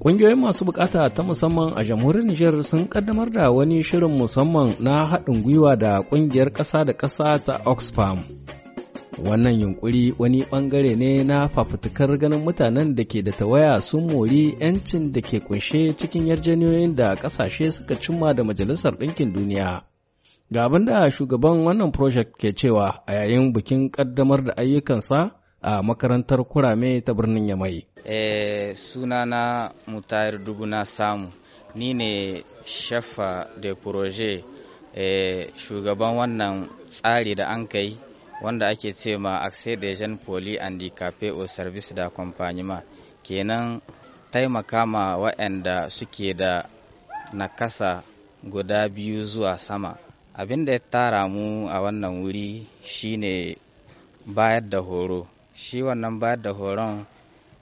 Ƙungiyoyin masu bukata ta musamman a jamhuriyar Nijar sun kaddamar da wani shirin musamman na haɗin gwiwa da ƙungiyar ƙasa da ƙasa ta Oxfam. Wannan yunkuri wani ɓangare ne na fafutukar ganin mutanen da ke da tawaya sun mori 'yancin da ke kunshe cikin yarjeniyoyin da ƙasashe suka cimma da Majalisar Ɗinkin Duniya. Ga abin da shugaban wannan project ke cewa a yayin bikin ƙaddamar da ayyukansa a makarantar kurame ta birnin yamai suna eh, sunana mutayar dubu na samu ni ne shafa da proje e eh, shugaban wannan tsari da an kai wanda ake ce ma accès des jeunes andi handicapés au service da ma, kenan taimaka ma wa'anda suke da nakasa guda biyu zuwa sama abin da ya tara mu a wannan wuri shine bayar da horo shi wannan bayar da horon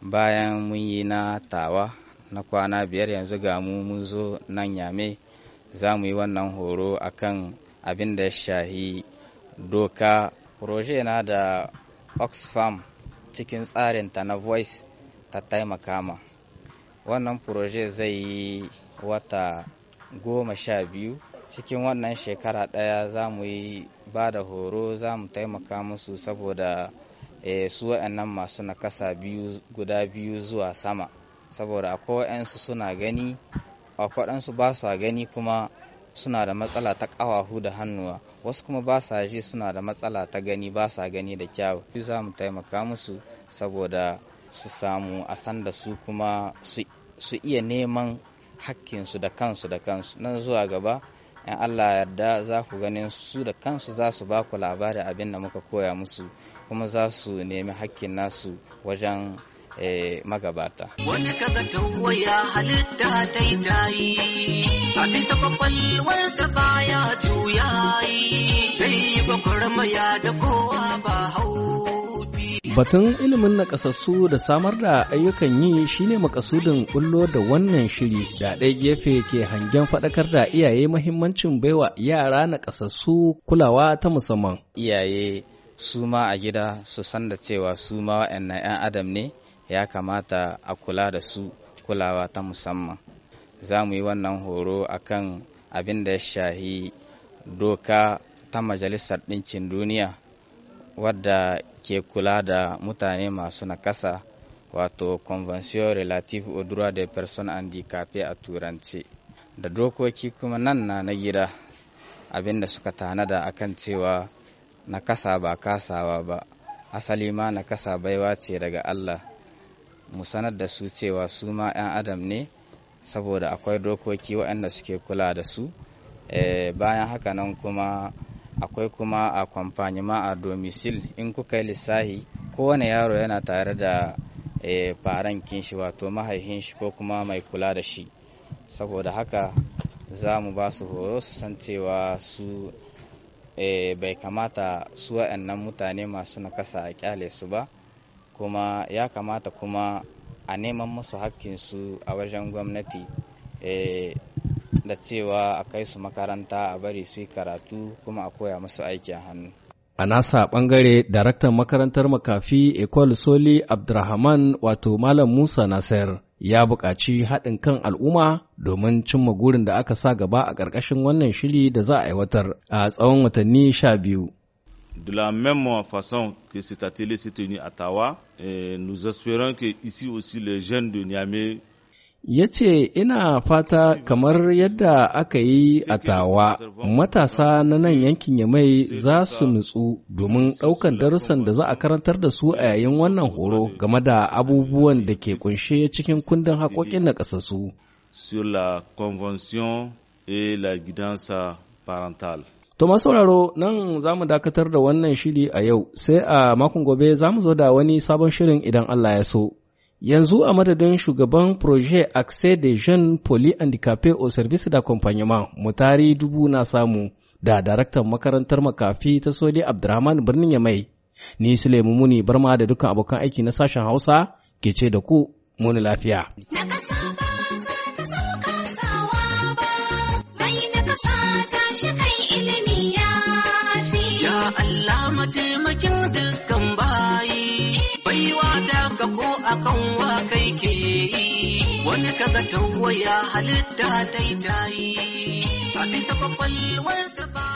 bayan mun yi na tawa na kwana biyar yanzu ga mu mun zo nan yame za mu yi wannan horo akan abin da ya shahi doka proje na da oxfam cikin tsarin ta na voice ta taimaka ma wannan proje zai yi wata goma sha biyu cikin wannan shekara ɗaya za mu yi ba da horo za mu taimaka musu saboda Eh, su waɗannan masu na kasa biyu guda biyu zuwa sama saboda akwai waɗansu suna gani akwai waɗansu ba su gani kuma suna da matsala ta ƙawahu da hannuwa wasu kuma ba sa ji suna da matsala ta gani ba sa gani da kyau fi za mu taimaka musu saboda su samu a san da su kuma su iya neman hakkinsu da kansu da kansu nan zuwa gaba in allah yarda za ku ganin su da kansu za su ba ku labarin abin da muka koya musu kuma za su nemi hakkin nasu wajen eh, magabata. Wani kaga ya halitta ta yi tayi, a bisa kwakwalwarsa baya juya yi, ta yi gwagwarmaya da Batun ilimin naƙasassu da samar da ayyukan yi shine makasudin bullo da wannan shiri da ɗaya gefe ke hangen faɗakar da iyaye mahimmancin baiwa yara nakasassu kulawa ta musamman. Iyaye su ma a gida su san da cewa su ma na 'yan adam ne ya kamata a kula da su kulawa ta musamman. Za mu yi wannan horo akan abin da ya shahi doka ta Majalisar Ɗinkin Duniya. wadda ke kula da mutane masu nakasa wato convention relative au droit des personnes handicapées a turance da dokoki kuma nan na na gida da suka tanada akan cewa nakasa ba kasawa ba asali ma nakasa baiwa ce daga Allah mu sanar da su cewa su ma 'yan adam ne saboda akwai dokoki waɗanda suke kula da su eh, bayan haka nan kuma akwai kuma a kwamfanima a domicil in kuka yi lissahi kowane yaro yana tare da eh, faran kinshi wato mahaihin shi ko kuma mai kula da shi saboda haka za mu ba su horo su san cewa su eh, bai kamata su wa'annan mutane masu nakasa a kyale su ba kuma ya kamata kuma a neman musu hakkinsu a wajen gwamnati eh, da cewa a kai su makaranta a bari su yi karatu kuma a koya musu aikin hannu. A nasa ɓangare daraktan makarantar makafi Ecole Soli Abdurrahman wato Malam Musa Nasir ya buƙaci haɗin kan al'umma domin cimma gurin da aka sa gaba a ƙarƙashin wannan shiri da za a aiwatar a tsawon watanni sha biyu. De la même façon que cet atelier s'est tenu à Tawa, eh, nous espérons que ici aussi les jeunes de Niamey ya ce ina fata kamar yadda aka yi a tawa matasa na nan yankin yamai za su nutsu domin ɗaukan darussan da za a karantar da su a yayin wannan horo game da abubuwan da ke kunshe cikin kundin haƙoƙin na ƙasasu. sur la convention et la To masu sauraro nan za mu dakatar da wannan shiri a yau sai a makon gobe za mu zo da wani sabon shirin idan Allah ya so. yanzu a madadin shugaban projet accès des jeunes polyhandicapés au service d'accompagnement mutari dubu na samu da daraktan makarantar makafi ta soli abdurrahman birnin ya mai ni sulaimu muni barma da dukkan abokan aiki na sashen hausa ke ce da ku muni lafiya kaga waya halitta ta yi a bisa kwakwalwarsa ba